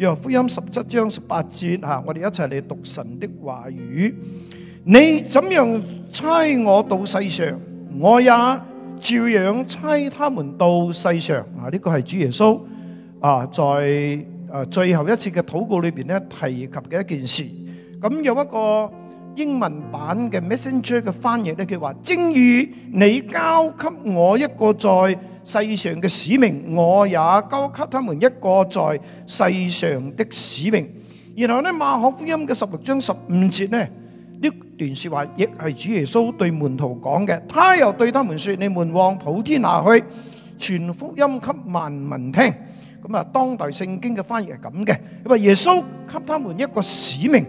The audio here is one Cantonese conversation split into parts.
讓福音十七章十八節吓，我哋一齊嚟讀神的話語。你怎樣差我到世上，我也照樣差他們到世上。啊，呢個係主耶穌啊，在誒最後一次嘅禱告裏邊咧，提及嘅一件事。咁有一個英文版嘅 Messenger 嘅翻譯咧，佢話正如你交給我一個在。世上嘅使命，我也交給他們一個在世上的使命。然後呢，馬可福音嘅十六章十五節呢呢段說話，亦係主耶穌對門徒講嘅。他又對他們說：，你們往普天下去，傳福音給萬民聽。咁啊，當代聖經嘅翻譯係咁嘅。因為耶穌給他們一個使命，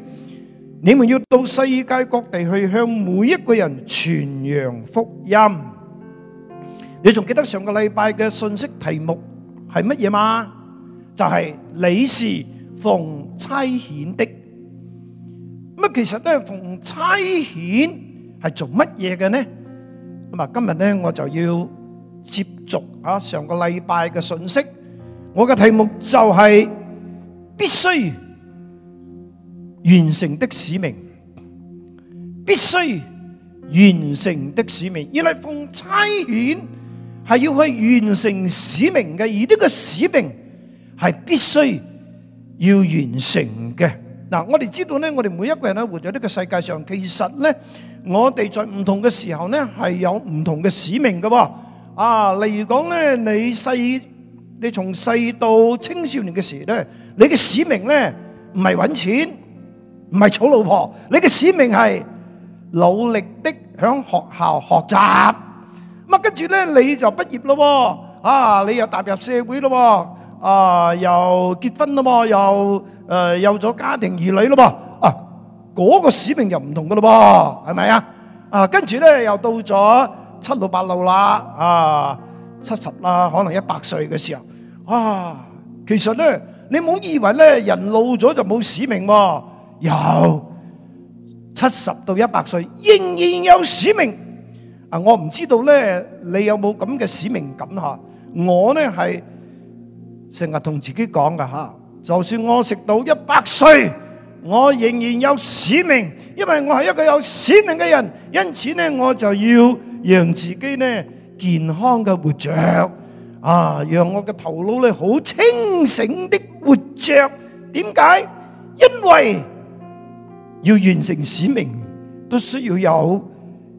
你們要到世界各地去向每一個人傳揚福音。你仲記得上個禮拜嘅信息題目係乜嘢嗎？就係你是奉差遣的。咁啊，其實咧奉差遣係做乜嘢嘅呢？咁啊，今日咧我就要接續啊上個禮拜嘅信息。我嘅題目就係必須完成的使命，必須完成的使命。原來奉差遣，係要去完成使命嘅，而呢個使命係必須要完成嘅。嗱，我哋知道咧，我哋每一個人咧活在呢個世界上，其實咧，我哋在唔同嘅時候咧，係有唔同嘅使命嘅。啊，例如講咧，你細，你從細到青少年嘅時咧，你嘅使命咧唔係搵錢，唔係娶老婆，你嘅使命係努力的響學校學習。咁啊，跟住咧，你就畢業咯喎！啊，你又踏入社會咯喎！啊，又結婚咯喎，又誒有咗家庭兒女咯噃！啊，嗰個使命又唔同噶咯噃，係咪啊？啊，跟住咧又到咗七老八十啦，啊七十啦，可能一百歲嘅時候，啊，其實咧你唔好以為咧人老咗就冇使命喎，有七十到一百歲仍然有使命。啊！我唔知道呢，你有冇咁嘅使命感吓？我呢係成日同自己講噶吓，就算我食到一百歲，我仍然有使命，因為我係一個有使命嘅人，因此呢我就要讓自己呢健康嘅活着，啊，讓我嘅頭腦呢好清醒的活着。點解？因為要完成使命，都需要有。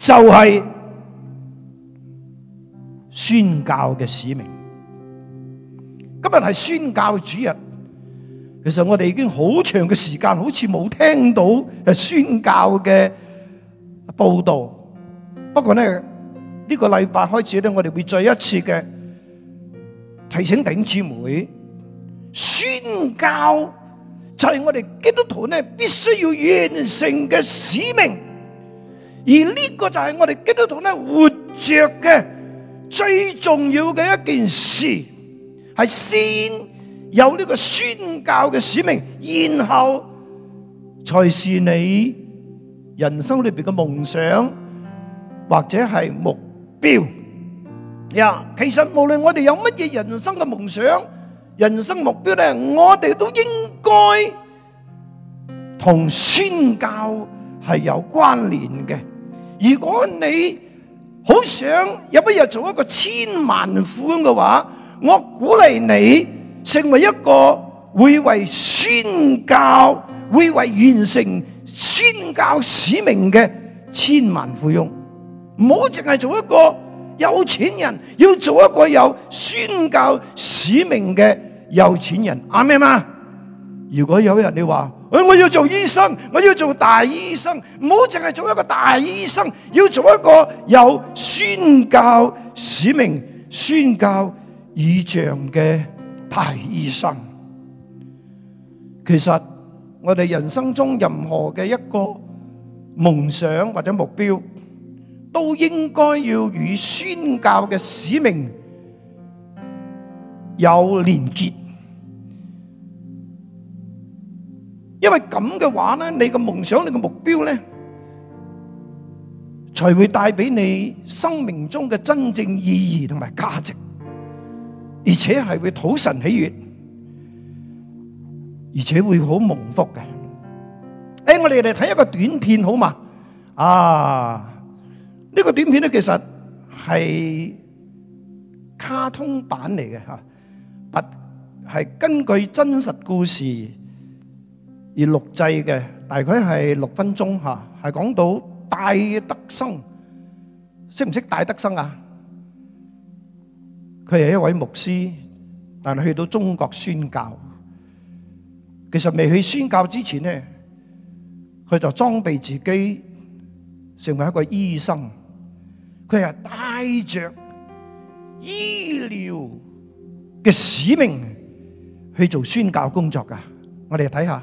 就係宣教嘅使命，今日係宣教主日。其實我哋已經好長嘅時間，好似冇聽到誒宣教嘅報道。不過咧，呢個禮拜開始咧，我哋會再一次嘅提醒弟兄姊妹，宣教就係我哋基督徒咧必須要完成嘅使命。而呢個就係我哋基督徒咧活着嘅最重要嘅一件事，係先有呢個宣教嘅使命，然後才是你人生裏邊嘅夢想或者係目標。呀，其實無論我哋有乜嘢人生嘅夢想、人生目標咧，我哋都應該同宣教係有關聯嘅。如果你好想有一日做一個千萬富翁嘅話，我鼓勵你成為一個會為宣教、會為完成宣教使命嘅千萬富翁。唔好淨係做一個有錢人，要做一個有宣教使命嘅有錢人。啱唔啱？如果有一日你話。我我要做醫生，我要做大醫生。唔好淨係做一個大醫生，要做一個有宣教使命、宣教意象嘅大醫生。其實我哋人生中任何嘅一個夢想或者目標，都應該要與宣教嘅使命有連結。因為咁嘅話咧，你個夢想、你個目標咧，才會帶俾你生命中嘅真正意義同埋價值，而且係會討神喜悅，而且會好蒙福嘅。誒，我哋嚟睇一個短片好嘛？啊，呢個短片咧其實係卡通版嚟嘅吓，但係根據真實故事。而錄製嘅大概係六分鐘吓，係講到戴德生，識唔識戴德生啊？佢係一位牧師，但係去到中國宣教。其實未去宣教之前咧，佢就裝備自己成為一個醫生。佢係帶著醫療嘅使命去做宣教工作㗎。我哋睇下。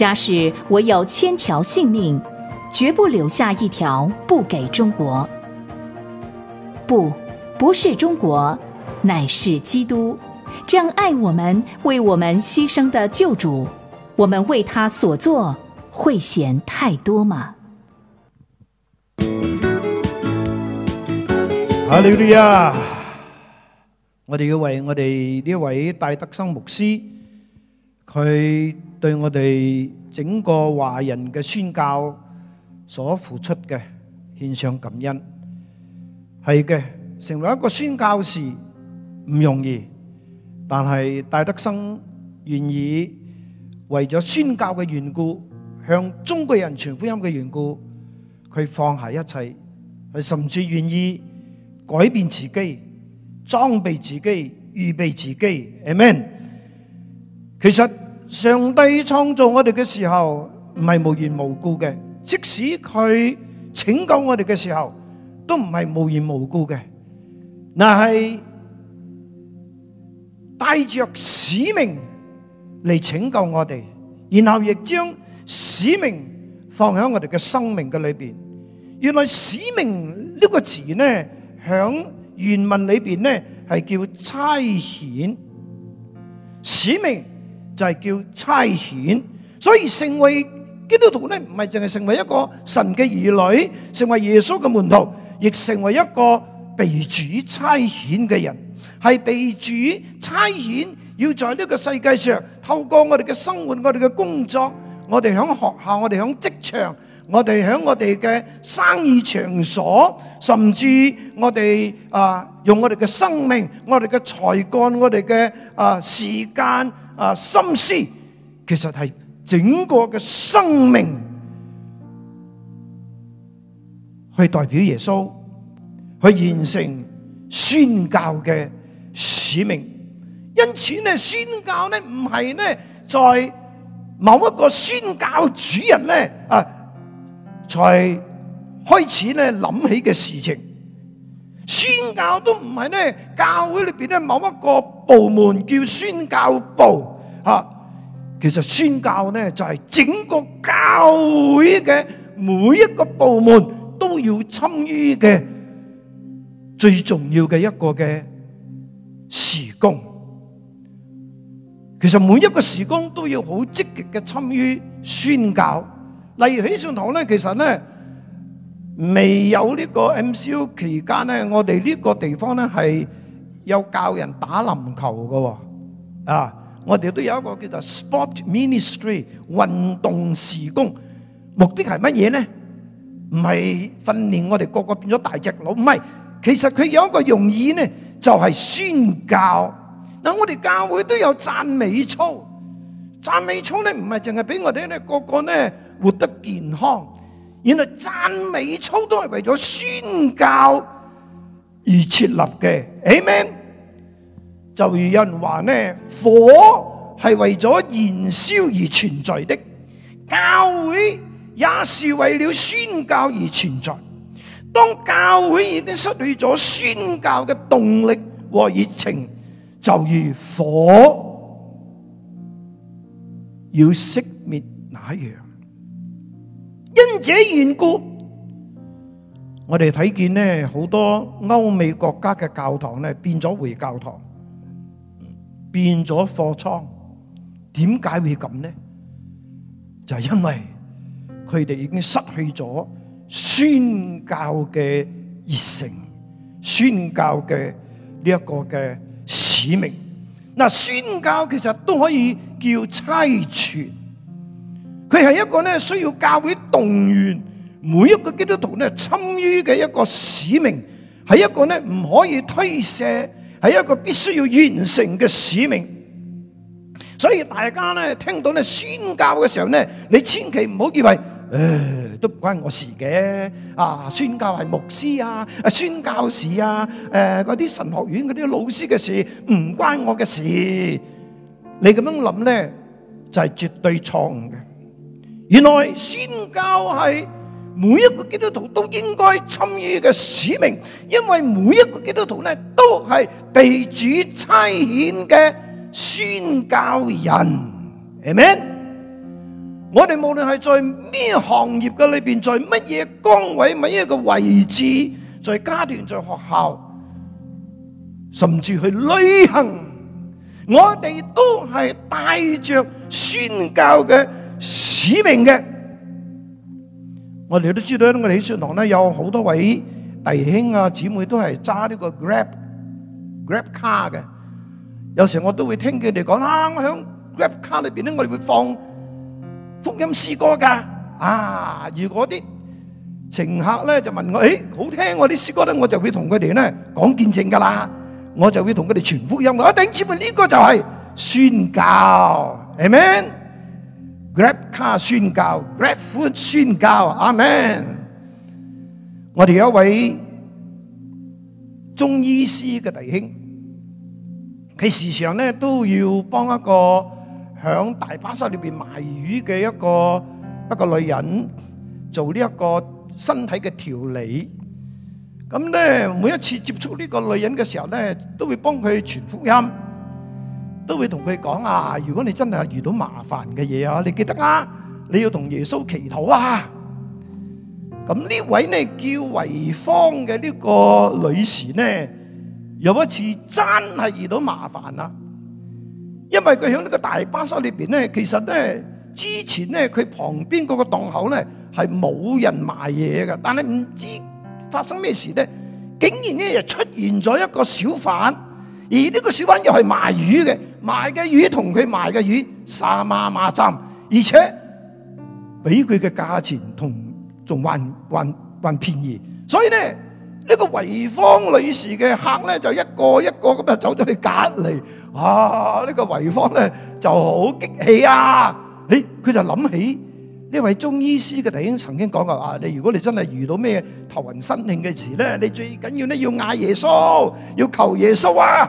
假使我有千條性命，絕不留下一條不給中國。不，不是中國，乃是基督，這樣愛我們、為我們犧牲的救主，我們為他所做，會嫌太多嗎？阿利路亞，我哋要為我哋呢位戴德生牧師，佢。對我哋整個華人嘅宣教所付出嘅，獻上感恩。係嘅，成為一個宣教士唔容易，但係戴德生願意為咗宣教嘅緣故，向中國人傳福音嘅緣故，佢放下一切，佢甚至願意改變自己，裝備自己，預備自己。Amen，其實。上帝創造我哋嘅時候唔係無緣無故嘅，即使佢拯救我哋嘅時候都唔係無緣無故嘅，但係帶着使命嚟，拯救我哋，然後亦將使命放喺我哋嘅生命嘅裏邊。原來使命呢個詞呢，響原文裏邊呢係叫差遣使命。就係叫差遣，所以成為基督徒呢，唔係淨係成為一個神嘅兒女，成為耶穌嘅門徒，亦成為一個被主差遣嘅人。係被主差遣，要在呢個世界上透過我哋嘅生活、我哋嘅工作、我哋喺學校、我哋喺職場、我哋喺我哋嘅生意場所，甚至我哋啊用我哋嘅生命、我哋嘅才幹、我哋嘅啊時間。啊！心思其實係整個嘅生命去代表耶穌，去完成宣教嘅使命。因此呢，宣教呢唔係呢，在某一個宣教主人呢啊，才開始呢諗起嘅事情。宣教都唔係呢教會裏邊呢某一個。部門叫宣教部，吓，其實宣教呢就係整個教會嘅每一個部門都要參與嘅最重要嘅一個嘅事工。其實每一個事工都要好積極嘅參與宣教。例如喺上堂呢，其實呢未有呢個 MCU 期間呢，我哋呢個地方呢係。有教人打籃球嘅，啊！我哋都有一個叫做 Sport Ministry 運動事工，目的係乜嘢咧？唔係訓練我哋個個變咗大隻佬，唔係。其實佢有一個用意咧，就係宣教。嗱，我哋教會都有讚美操，讚美操咧唔係淨係俾我哋咧個個咧活得健康，原來讚美操都係為咗宣教而設立嘅。Amen。就如有人話呢，火係為咗燃燒而存在的，教會也是為了宣教而存在。當教會已經失去咗宣教嘅動力和熱情，就如火要熄滅那樣。因這緣故，我哋睇見呢好多歐美國家嘅教堂呢變咗回教堂。變咗貨倉，點解會咁呢？就係因為佢哋已經失去咗宣教嘅熱誠，宣教嘅呢一個嘅使命。嗱，宣教其實都可以叫差傳，佢係一個呢需要教會動員每一個基督徒呢參與嘅一個使命，係一個呢唔可以推卸。係一個必須要完成嘅使命，所以大家咧聽到咧宣教嘅時候咧，你千祈唔好以為誒、呃、都唔關我事嘅啊！宣教係牧師啊，啊，宣教士啊，誒嗰啲神學院嗰啲老師嘅事唔關我嘅事，你咁樣諗咧就係、是、絕對錯誤嘅。原來宣教係。每一個基督徒都應該參與嘅使命，因為每一個基督徒呢都係被主差遣嘅宣教人，係咪？我哋無論係在咩行業嘅裏邊，在乜嘢崗位、乜嘢嘅位置，在家庭、在學校，甚至去旅行，我哋都係帶着宣教嘅使命嘅。我哋都知道咧，我哋喺雪堂咧有好多位弟兄啊姊妹都係揸呢個 Grab Grab 卡嘅。有時我都會聽佢哋講啦，我響 Grab 卡裏邊咧，我哋會放福音詩歌噶。啊，如果啲乘客咧就問我，誒好聽我啲詩歌咧，我就會同佢哋咧講見證噶啦，我就會同佢哋傳福音。我頂住咪呢個就係宣教，amen。Grab 卡宣教，Grab Food 宣教，阿門。我哋有一位中醫師嘅弟兄，佢時常咧都要幫一個響大巴剎裏邊賣魚嘅一個一個女人做呢一個身體嘅調理。咁咧，每一次接觸呢個女人嘅時候咧，都會幫佢傳福音。都會同佢講啊！如果你真係遇到麻煩嘅嘢啊，你記得啊，你要同耶穌祈禱啊。咁呢位呢叫維芳嘅呢個女士呢，有一次真係遇到麻煩啦。因為佢響呢個大巴車裏邊呢，其實呢之前呢佢旁邊嗰個檔口呢係冇人賣嘢嘅，但係唔知發生咩事呢，竟然呢又出現咗一個小販，而呢個小販又係賣魚嘅。賣嘅魚同佢賣嘅魚，沙媽媽三，而且俾佢嘅價錢同仲還還還便宜，所以咧呢個維芳女士嘅客咧就一個一個咁啊走咗去隔籬，啊呢個維芳咧就好激氣啊！誒，佢就諗起呢位中醫師嘅弟兄曾經講過啊，你如果你真係遇到咩頭暈身㷫嘅事咧，你最緊要咧要嗌耶穌，要求耶穌啊！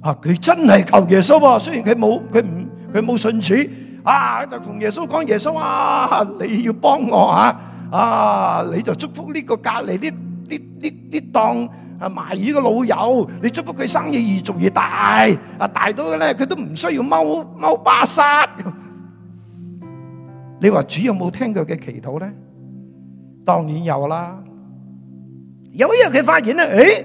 啊！佢真係求耶穌喎，雖然佢冇佢唔佢冇信主，啊就同耶穌講耶穌啊，你要幫我吓啊，你就祝福呢個隔籬呢呢呢呢檔啊賣魚嘅老友，你祝福佢生意越做越大啊，大到咧佢都唔需要踎踎巴剎。你話主有冇聽佢嘅祈禱咧？當然有啦，有一日！佢發現咧，誒。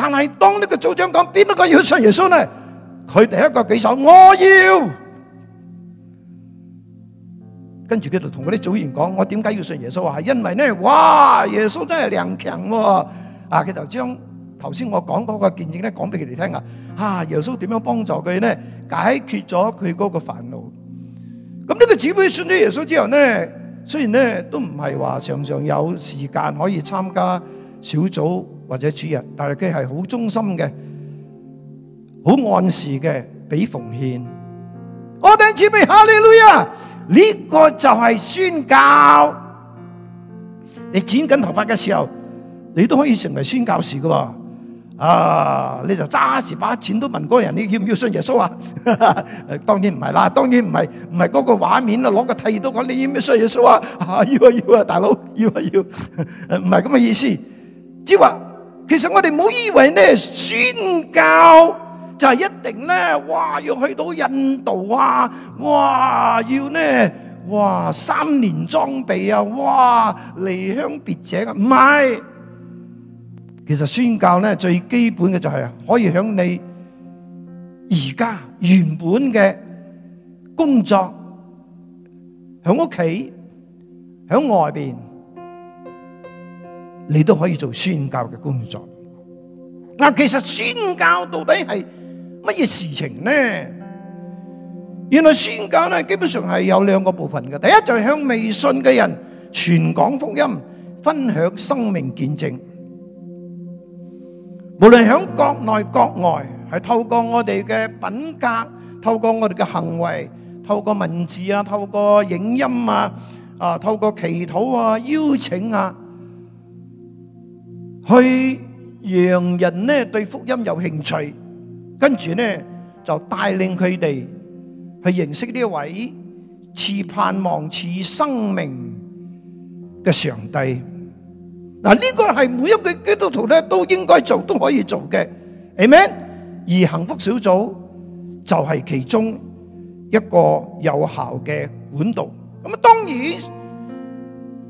但係當呢個組長講邊一個要信耶穌呢？佢第一個舉手，我要。跟住佢就同嗰啲組員講：我點解要信耶穌？話係因為呢，哇！耶穌真係良強喎。啊，佢就將頭先我講嗰個見證咧講俾佢哋聽啊。啊，耶穌點樣幫助佢呢？解決咗佢嗰個煩惱。咁呢個姊妹信咗耶穌之後呢，雖然呢都唔係話常常有時間可以參加小組，或者主人，但係佢係好忠心嘅，好按時嘅，俾奉獻。我哋前面下哈利路亞！呢個就係宣教。你剪緊頭髮嘅時候，你都可以成為宣教士噶、啊。啊，你就揸住把剪刀問嗰個人：你要唔要信耶穌啊？當然唔係啦，當然唔係唔係嗰個畫面啊，攞個剃刀講你要唔要信耶穌啊？啊要啊要啊，大佬要啊要啊，唔係咁嘅意思，即係話。其實我哋唔好以為咧宣教就係一定咧，哇，要去到印度啊，哇，要咧，哇，三年裝備啊，哇，離鄉別井啊，唔係。其實宣教咧，最基本嘅就係可以響你而家原本嘅工作，響屋企，響外面，你都可以做宣教嘅工作。嗱，其實宣教到底係乜嘢事情呢？原來宣教呢，基本上係有兩個部分嘅。第一就係向未信嘅人傳講福音、分享生命見證。無論響國內國外，係透過我哋嘅品格，透過我哋嘅行為，透過文字啊，透過影音啊，啊，透過祈禱啊，邀請啊。去讓人呢對福音有興趣，跟住呢就帶領佢哋去認識呢一位似盼望似生命嘅上帝。嗱，呢個係每一個基督徒咧都應該做，都可以做嘅。你明，而幸福小組就係其中一個有效嘅管道。咁啊，當然。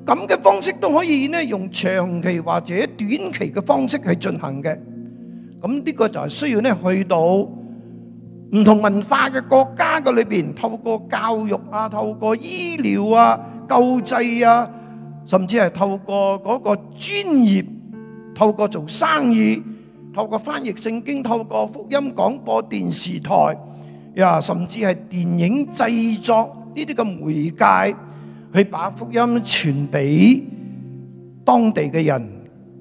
咁嘅方式都可以咧，用長期或者短期嘅方式去進行嘅。咁呢個就係需要咧，去到唔同文化嘅國家嘅裏邊，透過教育啊，透過醫療啊、救濟啊，甚至係透過嗰個專業，透過做生意，透過翻譯聖經，透過福音廣播電視台呀，甚至係電影製作呢啲嘅媒介，去把福音傳俾當地嘅人，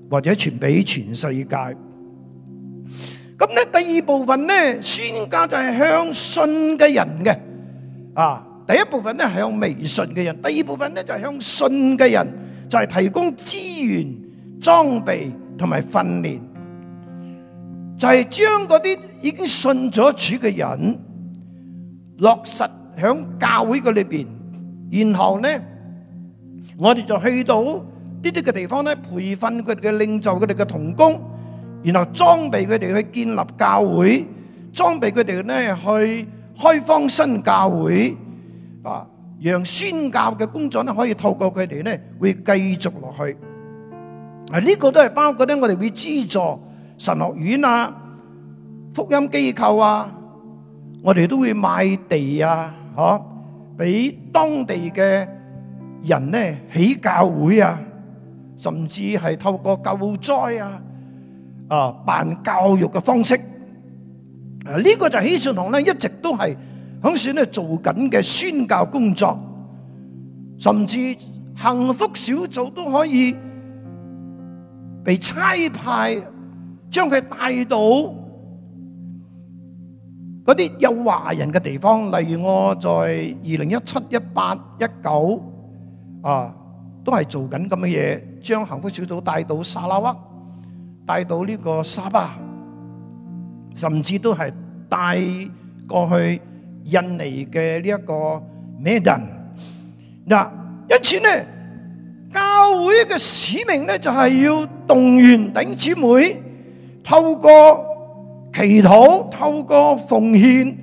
或者傳俾全世界。咁咧，第二部分咧，宣教就係向信嘅人嘅。啊，第一部分咧，向未信嘅人，第二部分咧就係、是、向信嘅人，就係、是、提供資源、裝備同埋訓練，就係、是、將嗰啲已經信咗主嘅人落實喺教會裏邊。然後咧，我哋就去到呢啲嘅地方咧，培訓佢哋嘅領袖，佢哋嘅童工，然後裝備佢哋去建立教會，裝備佢哋咧去開荒新教會啊，讓宣教嘅工作咧可以透過佢哋咧會繼續落去。啊，呢、這個都係包括咧，我哋會資助神學院啊、福音機構啊，我哋都會賣地啊，嗬、啊。俾當地嘅人咧起教會啊，甚至係透過救災啊，啊、呃、辦教育嘅方式，啊呢、呢個就係喜善堂咧一直都係響選咧做緊嘅宣教工作，甚至幸福小組都可以被差派將佢帶到嗰啲有華人嘅地方，例如我在二零一七、一八、一九啊，都係做緊咁嘅嘢，將幸福小組帶到沙拉哇，帶到呢個沙巴，甚至都係帶過去印尼嘅呢一個馬盾。嗱，因此呢，教會嘅使命咧就係要動員弟兄姊妹，透過。祈禱，透過奉獻，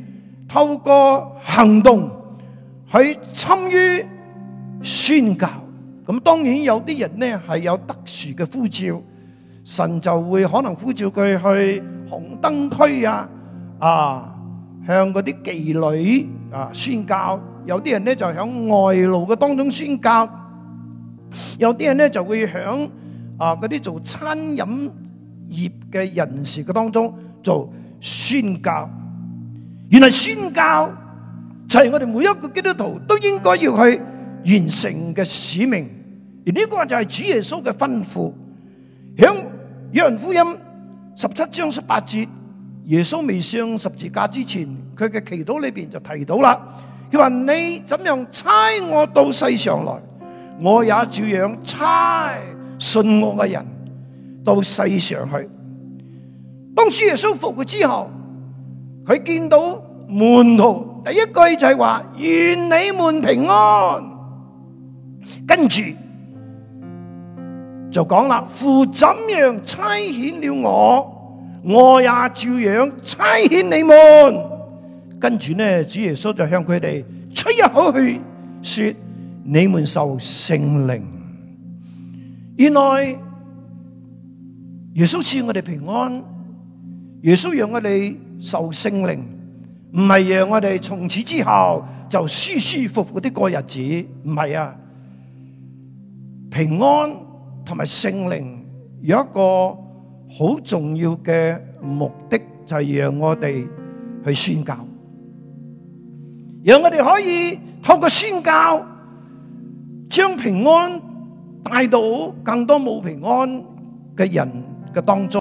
透過行動去參與宣教。咁當然有啲人呢係有特殊嘅呼召，神就會可能呼召佢去紅燈區啊，啊，向嗰啲妓女啊宣教。有啲人呢就響外勞嘅當中宣教，有啲人呢就會響啊嗰啲做餐飲業嘅人士嘅當中。做宣教，原來宣教就係我哋每一個基督徒都應該要去完成嘅使命，而呢個就係主耶穌嘅吩咐。響約翰福音十七章十八節，耶穌未上十字架之前，佢嘅祈禱裏邊就提到啦。佢話：你怎樣差我到世上來，我也照樣差信我嘅人到世上去。當主耶穌復活之後，佢見到門徒第一句就係話：願你們平安。跟住就講啦，父怎樣差遣了我，我也照樣差遣你們。跟住呢，主耶穌就向佢哋吹一口氣，說：你們受聖靈。原來耶穌賜我哋平安。耶穌讓我哋受聖靈，唔係讓我哋從此之後就舒舒服服啲過日子，唔係啊！平安同埋聖靈有一個好重要嘅目的，就係讓我哋去宣教，讓我哋可以透過宣教將平安帶到更多冇平安嘅人嘅當中。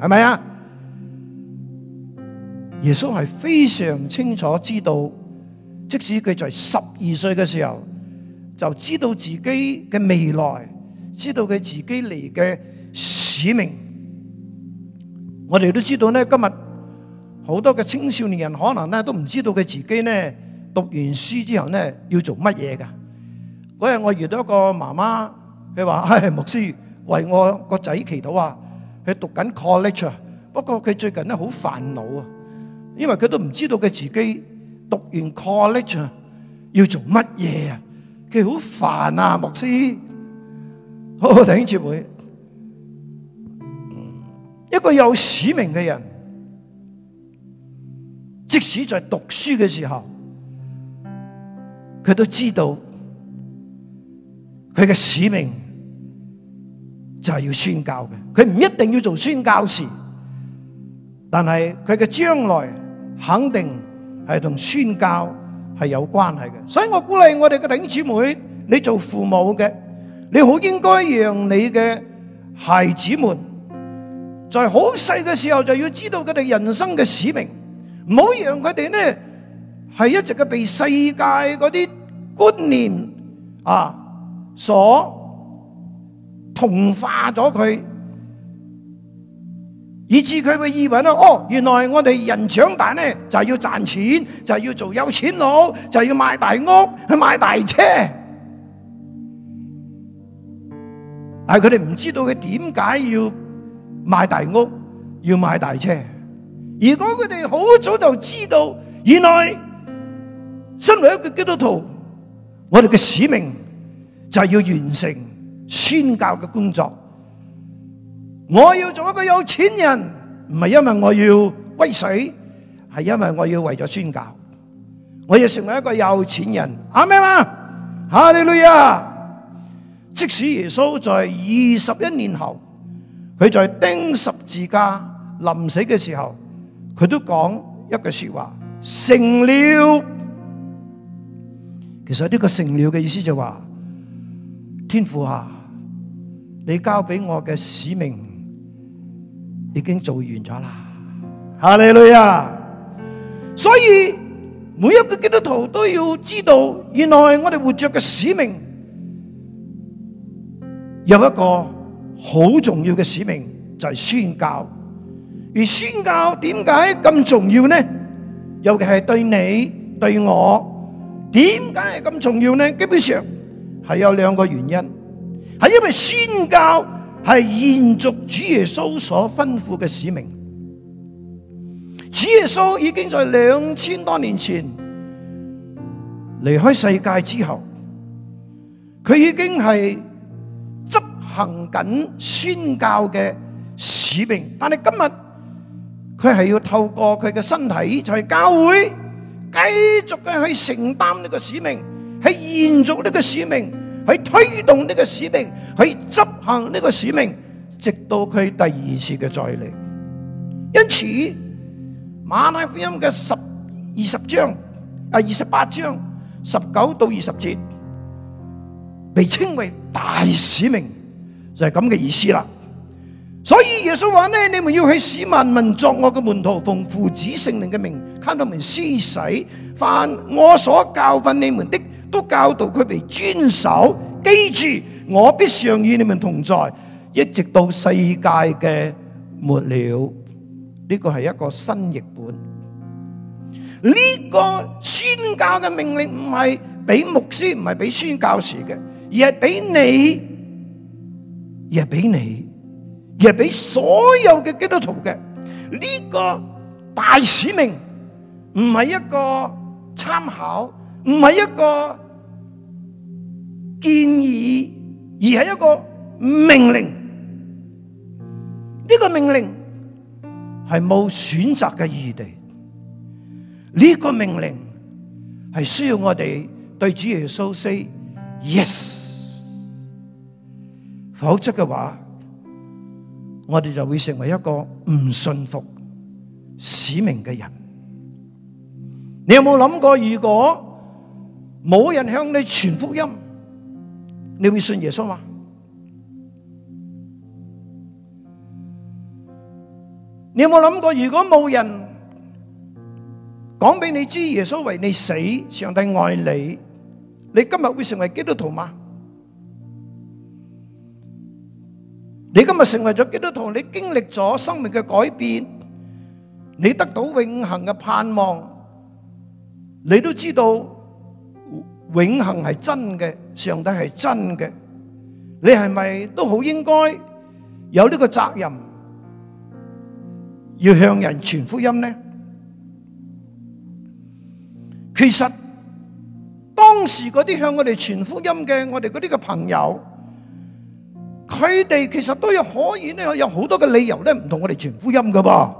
係咪啊？耶穌係非常清楚知道，即使佢在十二歲嘅時候就知道自己嘅未來，知道佢自己嚟嘅使命。我哋都知道咧，今日好多嘅青少年人可能咧都唔知道佢自己咧讀完書之後咧要做乜嘢㗎。嗰日我遇到一個媽媽，佢話：唉、哎，牧師為我個仔祈禱啊！佢讀緊 college，不過佢最近咧好煩惱啊，因為佢都唔知道佢自己讀完 college 要做乜嘢啊，佢好煩啊，牧師，好，弟兄姊妹，一個有使命嘅人，即使在讀書嘅時候，佢都知道佢嘅使命。就係要宣教嘅，佢唔一定要做宣教事，但係佢嘅將來肯定係同宣教係有關係嘅，所以我鼓勵我哋嘅弟兄姊妹，你做父母嘅，你好應該讓你嘅孩子們，在好細嘅時候就要知道佢哋人生嘅使命，唔好讓佢哋呢係一直嘅被世界嗰啲觀念啊所。同化咗佢，以至佢會以為咧哦，原來我哋人長大咧就係要賺錢，就係要做有錢佬，就係要買大屋去買大車。但係佢哋唔知道佢點解要買大屋，要買大車。如果佢哋好早就知道，原來身為一個基督徒，我哋嘅使命就係要完成。宣教嘅工作，我要做一個有錢人，唔係因為我要威水，係因為我要為咗宣教。我要成為一個有錢人，啱唔啱啊？哈利路亞！即使耶穌在二十一年後，佢在釘十字架臨死嘅時候，佢都講一句說話：成了。其實呢個成了嘅意思就話，天父啊！你交俾我嘅使命已經做完咗啦，哈利路亞啊，所以每一個基督徒都要知道，原來我哋活着嘅使命有一個好重要嘅使命就係宣教。而宣教點解咁重要呢？尤其係對你對我，點解係咁重要呢？基本上係有兩個原因。係因為宣教係延續主耶穌所吩咐嘅使命，主耶穌已經在兩千多年前離開世界之後，佢已經係執行緊宣教嘅使命。但係今日佢係要透過佢嘅身體，就係教會，繼續嘅去承擔呢個使命，去延續呢個使命，去推動呢個使命，去執行呢個使命，直到佢第二次嘅再嚟。因此，馬太福音嘅十二十章啊，二十八章十九到二十節，被稱為大使命，就係咁嘅意思啦。所以耶穌話呢，你們要去使萬民作我嘅門徒，奉父子聖靈嘅名，看他們施洗，凡我所教訓你們的。都教導佢哋遵守，記住我必常與你們同在，一直到世界嘅末了。呢個係一個新譯本，呢個宣教嘅命令唔係俾牧師，唔係俾宣教士嘅，而係俾你，而係俾你，而係俾所有嘅基督徒嘅。呢個大使命唔係一個參考。唔係一個建議，而係一個命令。呢個命令係冇選擇嘅餘地。呢個命令係需要我哋對主耶穌 say yes，否則嘅話，我哋就會成為一個唔信服使命嘅人。你有冇諗過，如果？冇人向你傳福音，你會信耶穌嗎？你有冇諗過，如果冇人講俾你知耶穌為你死，上帝愛你，你今日會成為基督徒嗎？你今日成為咗基督徒，你經歷咗生命嘅改變，你得到永恆嘅盼望，你都知道。永恆係真嘅，上帝係真嘅，你係咪都好應該有呢個責任，要向人傳福音呢？其實當時嗰啲向我哋傳福音嘅，我哋嗰啲嘅朋友，佢哋其實都有可以咧，有好多嘅理由咧，唔同我哋傳福音㗎噃。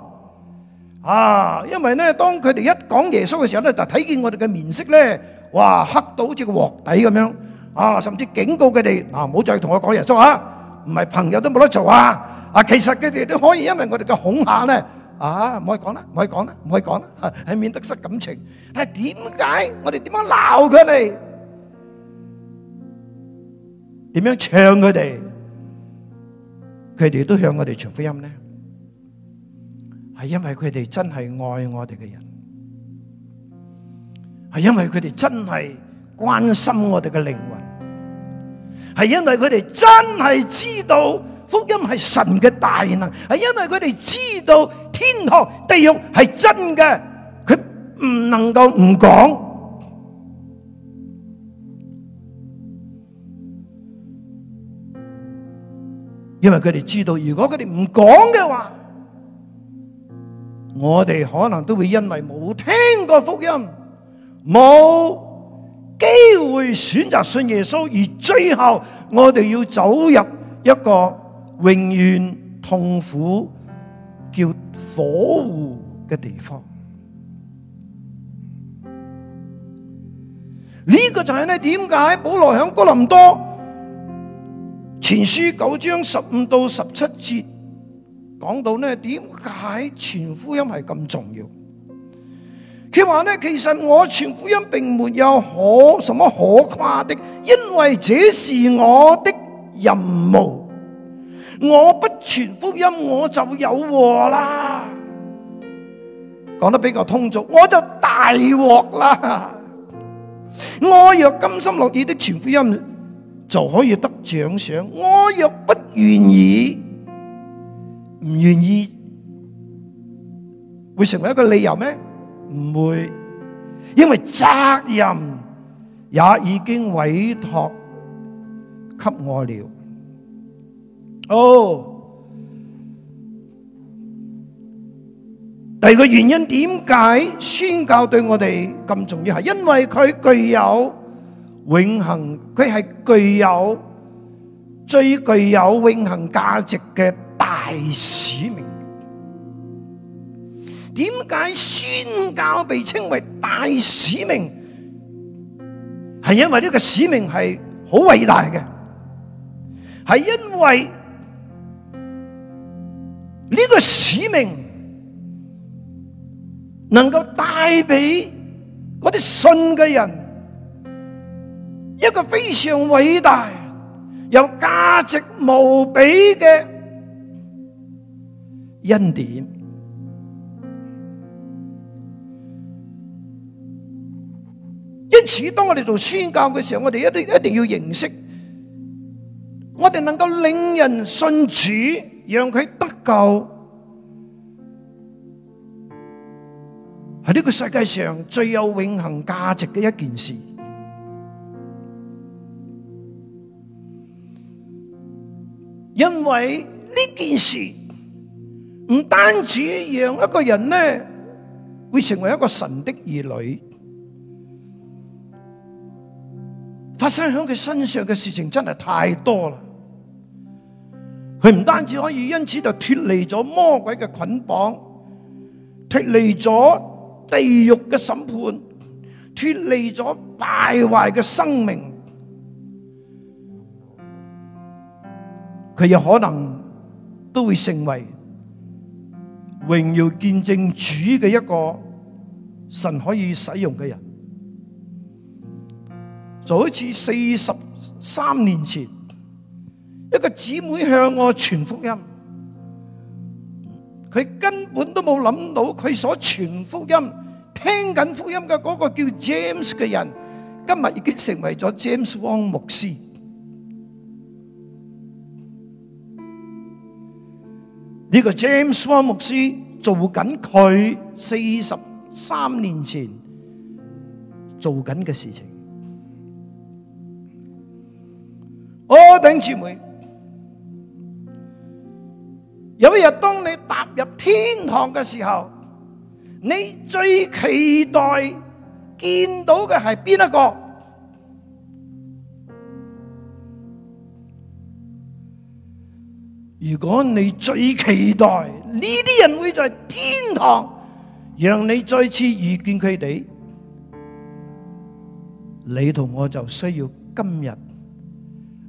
啊，因為咧，當佢哋一講耶穌嘅時候咧，就睇見我哋嘅面色咧。哇，黑到好似個鍋底咁樣啊！甚至警告佢哋嗱，唔好再同我講耶穌啊，唔係朋友都冇得做啊！啊，其實佢哋都可以，因為我哋嘅恐嚇呢啊，唔可以講啦，唔可以講啦，唔可以講啦，係免得失感情。但係點解我哋點樣鬧佢哋，點樣唱佢哋，佢哋都向我哋傳福音呢？係因為佢哋真係愛我哋嘅人。係因為佢哋真係關心我哋嘅靈魂，係因為佢哋真係知道福音係神嘅大能，係因為佢哋知道天堂、地獄係真嘅，佢唔能夠唔講。因為佢哋知道，如果佢哋唔講嘅話，我哋可能都會因為冇聽過福音。冇機會選擇信耶穌，而最後我哋要走入一個永遠痛苦叫火湖嘅地方。呢個就係咧，點解保羅喺哥林多前書九章十五到十七節講到咧，點解傳福音係咁重要？你話咧，其實我傳福音並沒有可什麼可誇的，因為這是我的任務。我不傳福音，我就有禍啦。講得比較通俗，我就大鑊啦。我若甘心樂意的傳福音，就可以得獎賞。我若不願意，唔願意，會成為一個理由咩？唔會，因為責任也已經委託給我了。哦，第二個原因，點解宣教對我哋咁重要？係因為佢具有永恒，佢係具有最具有永恒價值嘅大使命。點解宣教被稱為大使命？係因為呢個使命係好偉大嘅，係因為呢個使命能夠帶俾嗰啲信嘅人一個非常偉大又價值無比嘅恩典。因此，當我哋做宣教嘅時候，我哋一一定要認識，我哋能夠令人信主，讓佢得救，係呢個世界上最有永恆價值嘅一件事。因為呢件事唔單止讓一個人呢會成為一個神的兒女。發生喺佢身上嘅事情真係太多啦！佢唔單止可以因此就脫離咗魔鬼嘅捆綁，脫離咗地獄嘅審判，脫離咗敗壞嘅生命。佢有可能都會成為榮耀見證主嘅一個神可以使用嘅人。就好似四十三年前，一個姊妹向我傳福音，佢根本都冇諗到，佢所傳福音聽緊福音嘅嗰個叫 James 嘅人，今日已經成為咗 James Wong 牧師。呢個 James Wong 牧師做緊佢四十三年前做緊嘅事情。我等住妹，有一日當你踏入天堂嘅時候，你最期待見到嘅係邊一個？如果你最期待呢啲人會在天堂，讓你再次遇見佢哋，你同我就需要今日。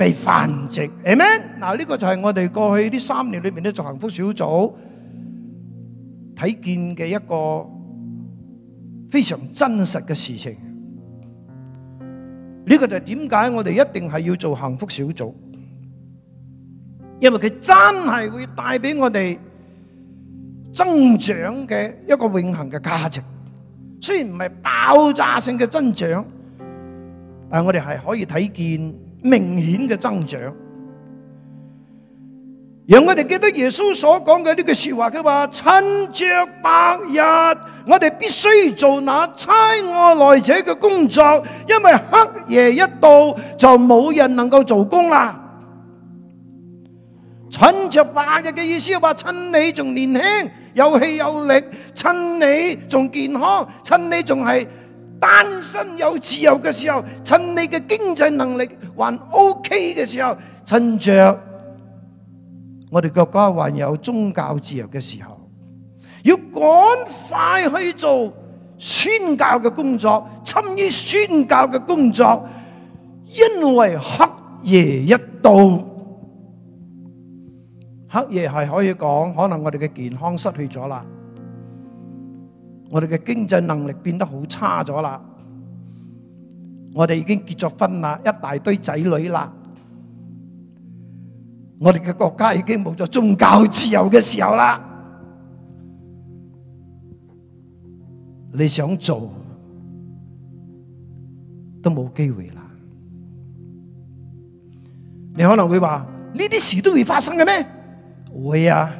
被繁殖 amen？嗱，呢個就係我哋過去呢三年裏面咧做幸福小組睇見嘅一個非常真實嘅事情。呢個就係點解我哋一定係要做幸福小組？因為佢真係會帶俾我哋增長嘅一個永恒嘅價值。雖然唔係爆炸性嘅增長，但係我哋係可以睇見。明顯嘅增長，讓我哋記得耶穌所講嘅呢句說話，佢話，趁著白日我哋必須做那差我來者嘅工作，因為黑夜一到就冇人能夠做工啦。趁著白日嘅意思話，趁你仲年輕有氣有力，趁你仲健康，趁你仲係單身有自由嘅時候，趁你嘅經濟能力還 OK 嘅時候，趁着我哋國家還有宗教自由嘅時候，要趕快去做宣教嘅工作，參與宣教嘅工作。因為黑夜一到，黑夜係可以講，可能我哋嘅健康失去咗啦，我哋嘅經濟能力變得好差咗啦。我哋已經結咗婚啦，一大堆仔女啦。我哋嘅國家已經冇咗宗教自由嘅時候啦。你想做都冇機會啦。你可能會話：呢啲事都會發生嘅咩？會啊！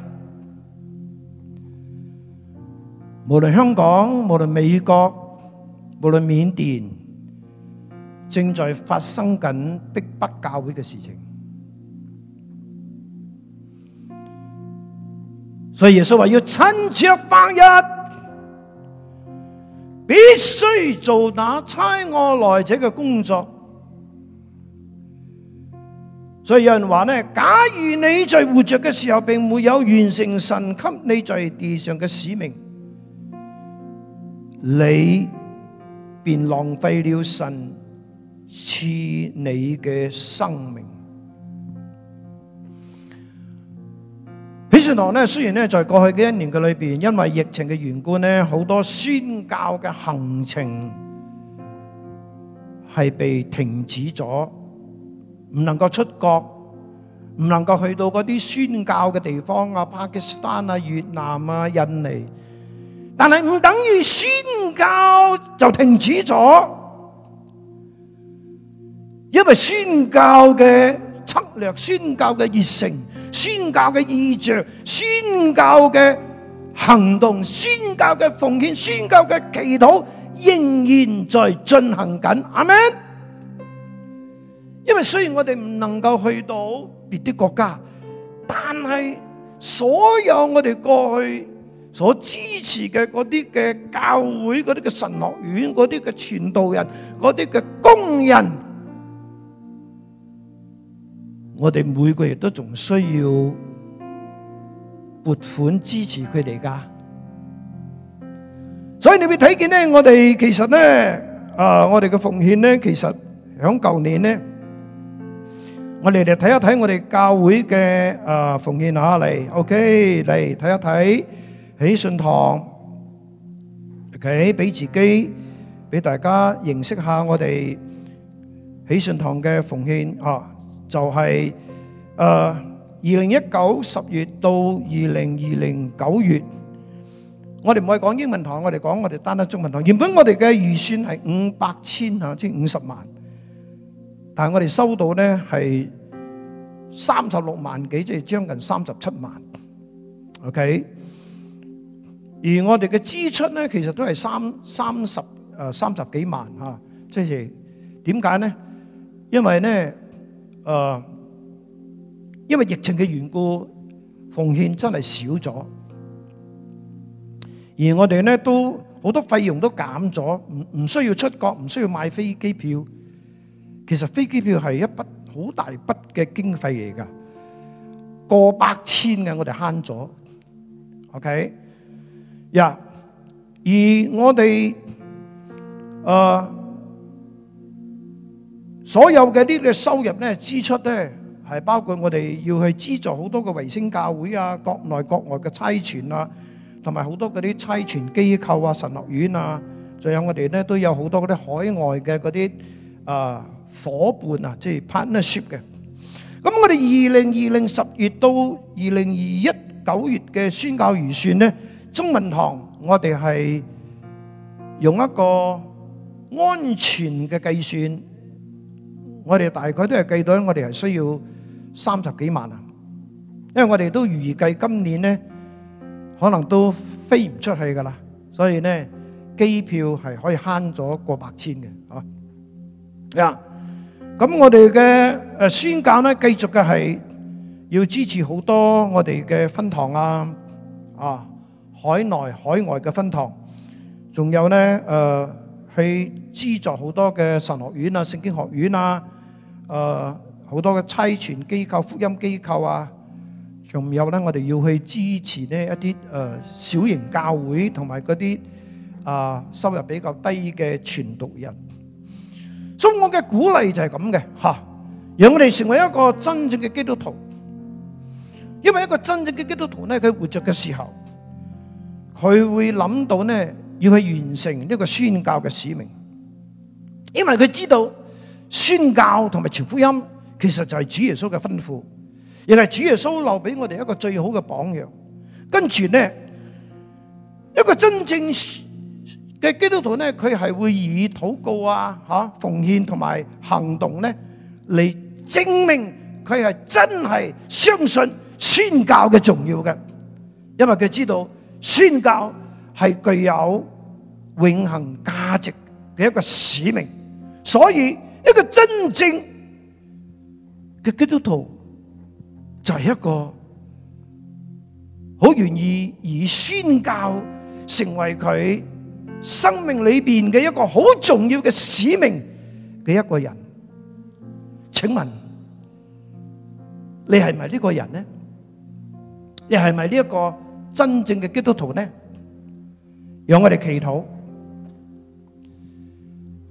無論香港，無論美國，無論緬甸。正在發生緊逼迫教會嘅事情，所以耶穌話要趁着白日，必須做那差我來者嘅工作。所以有人話咧：假如你在活着嘅時候，並沒有完成神給你在地上嘅使命，你便浪費了神。賜你嘅生命。喜善堂咧，雖然咧在過去嘅一年嘅裏邊，因為疫情嘅緣故咧，好多宣教嘅行程係被停止咗，唔能夠出國，唔能夠去到嗰啲宣教嘅地方啊，巴基斯坦啊、越南啊、印尼，但係唔等於宣教就停止咗。因為宣教嘅策略，宣教嘅熱誠，宣教嘅意象，宣教嘅行動，宣教嘅奉獻，宣教嘅祈禱，仍然在進行緊。阿們。因為雖然我哋唔能夠去到別啲國家，但係所有我哋過去所支持嘅嗰啲嘅教會，嗰啲嘅神學院，嗰啲嘅傳道人，嗰啲嘅工人。我哋每個月都仲需要撥款支持佢哋噶，所以你會睇見咧，我哋其實咧，啊，我哋嘅奉獻咧，其實響舊年咧，我哋嚟睇一睇我哋教會嘅啊奉獻吓嚟，OK，嚟睇一睇喜信堂，OK，俾自己，俾大家認識下我哋喜信堂嘅奉獻啊。就係誒二零一九十月到二零二零九月，我哋唔係講英文堂，我哋講我哋單單中文堂。原本我哋嘅預算係五百千啊，即係五十萬，但係我哋收到呢係三十六萬幾，即係將近三十七萬。OK，而我哋嘅支出呢，其實都係三三十誒三十幾萬啊，即係點解呢？因為呢。誒，uh, 因為疫情嘅緣故，奉獻真係少咗，而我哋咧都好多費用都減咗，唔唔需要出國，唔需要買飛機票。其實飛機票係一筆好大筆嘅經費嚟㗎，過百千㗎我哋慳咗。OK，一、yeah. 而我哋誒。Uh, 所有嘅呢啲嘅收入咧，支出咧，係包括我哋要去資助好多嘅衛星教會啊，國內國外嘅差傳啊，同埋好多嗰啲差傳機構啊、神學院啊，仲有我哋咧都有好多嗰啲海外嘅嗰啲啊夥伴啊，即係 partnership 嘅。咁我哋二零二零十月到二零二一九月嘅宣教預算咧，中文堂我哋係用一個安全嘅計算。我哋大概都係計到，我哋係需要三十幾萬啊，因為我哋都預計今年呢，可能都飛唔出去噶啦，所以呢，機票係可以慳咗過百千嘅啊。咁我哋嘅誒宣教呢，繼續嘅係要支持好多我哋嘅分堂啊，啊，海內海外嘅分堂，仲有呢。誒。去資助好多嘅神學院啊、聖經學院啊、誒、呃、好多嘅差傳機構、福音機構啊，仲有咧，我哋要去支持呢一啲誒、呃、小型教會同埋嗰啲啊收入比較低嘅傳道人。所以我嘅鼓勵就係咁嘅吓，讓我哋成為一個真正嘅基督徒。因為一個真正嘅基督徒咧，佢活着嘅時候，佢會諗到呢，要去完成呢個宣教嘅使命，因為佢知道宣教同埋傳福音，其實就係主耶穌嘅吩咐，亦係主耶穌留俾我哋一個最好嘅榜樣。跟住咧，一個真正嘅基督徒咧，佢係會以禱告啊、吓奉獻同埋行動咧，嚟證明佢係真係相信宣教嘅重要嘅，因為佢知道宣教係具有。永恆價值嘅一個使命，所以一個真正嘅基督徒就係一個好願意以宣教成為佢生命裏邊嘅一個好重要嘅使命嘅一個人。請問你係咪呢個人呢？你係咪呢一個真正嘅基督徒呢？讓我哋祈禱。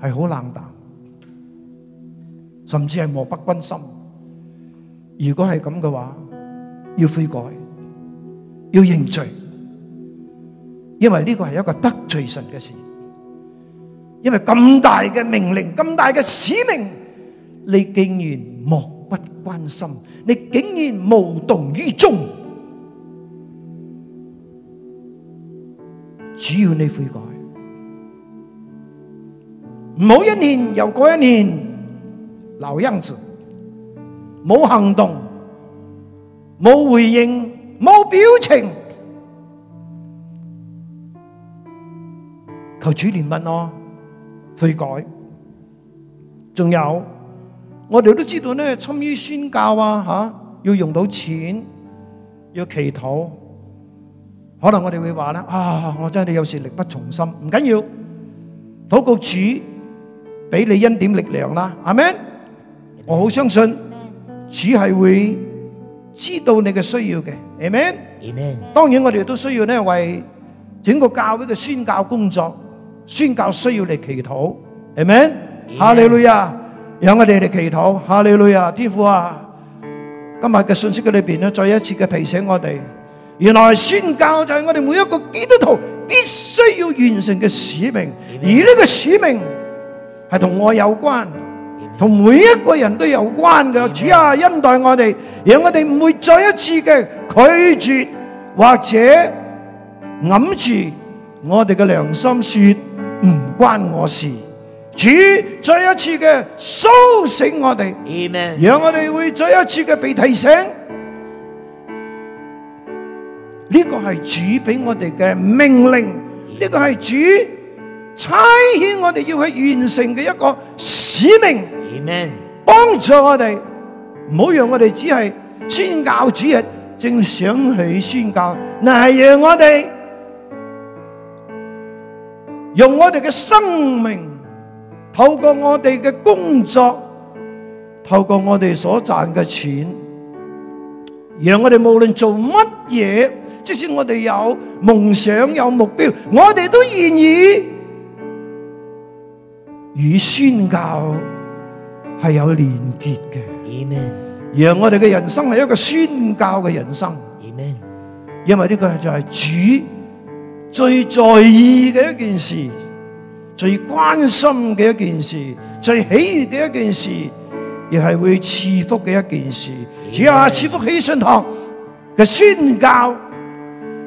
係好冷淡，甚至係漠不關心。如果係咁嘅話，要悔改，要認罪，因為呢個係一個得罪神嘅事。因為咁大嘅命令，咁大嘅使命，你竟然漠不關心，你竟然無動於衷，只要你悔改。冇一年又過一年，老樣子，冇行動，冇回應，冇表情，求主憐憫我悔改。仲有我哋都知道咧，參與宣教啊吓，要用到錢，要祈禱。可能我哋會話咧啊，我真係你有時力不從心，唔緊要，禱告主。俾你恩典力量啦，阿妹，我好相信主係會知道你嘅需要嘅，阿妹。當然我哋都需要咧為整個教會嘅宣教工作、宣教需要嚟祈禱，係咪？哈利路亞，讓我哋嚟祈禱。哈利路亞，天父啊！今日嘅信息嘅裏邊咧，再一次嘅提醒我哋，原來宣教就係我哋每一個基督徒必須要完成嘅使命，而呢個使命。係同我有關，同每一個人都有關嘅。主啊，恩待我哋，讓我哋唔會再一次嘅拒絕或者揞住我哋嘅良心，說唔關我事。主再一次嘅蘇醒我哋，讓我哋會再一次嘅被提醒。呢個係主俾我哋嘅命令，呢個係主。差遣我哋要去完成嘅一個使命，幫助我哋，唔好讓我哋只係宣教主日正想去宣教，那係讓我哋用我哋嘅生命，透過我哋嘅工作，透過我哋所賺嘅錢，讓我哋無論做乜嘢，即使我哋有夢想、有目標，我哋都願意。與宣教係有連結嘅，Amen 而我哋嘅人生係一個宣教嘅人生，Amen 因為呢個就係主最在意嘅一件事，最關心嘅一件事，最喜悅嘅一件事，亦係會賜福嘅一件事。主下賜福喜信堂嘅宣教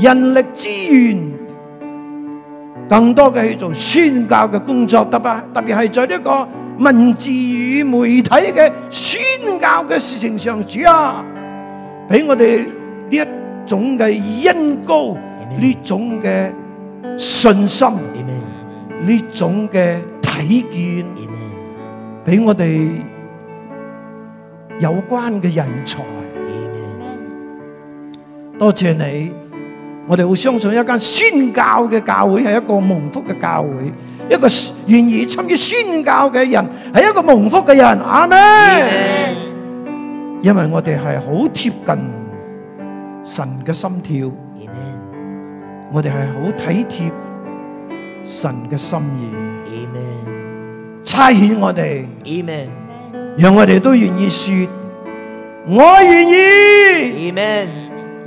人力資源更多嘅去做宣教嘅工作得啊！特別係在呢個文字與媒體嘅宣教嘅事情上，主啊，俾我哋呢一種嘅恩膏，呢嗎種嘅信心、呢嗎種嘅睇見，俾嗎我哋有關嘅人才，嗎多謝你。我哋會相信一間宣教嘅教會係一個蒙福嘅教會，一個願意參與宣教嘅人係一個蒙福嘅人。阿門，因為我哋係好貼近神嘅心跳，我哋係好體貼神嘅心意。差遣我哋，讓我哋都願意說，我願意。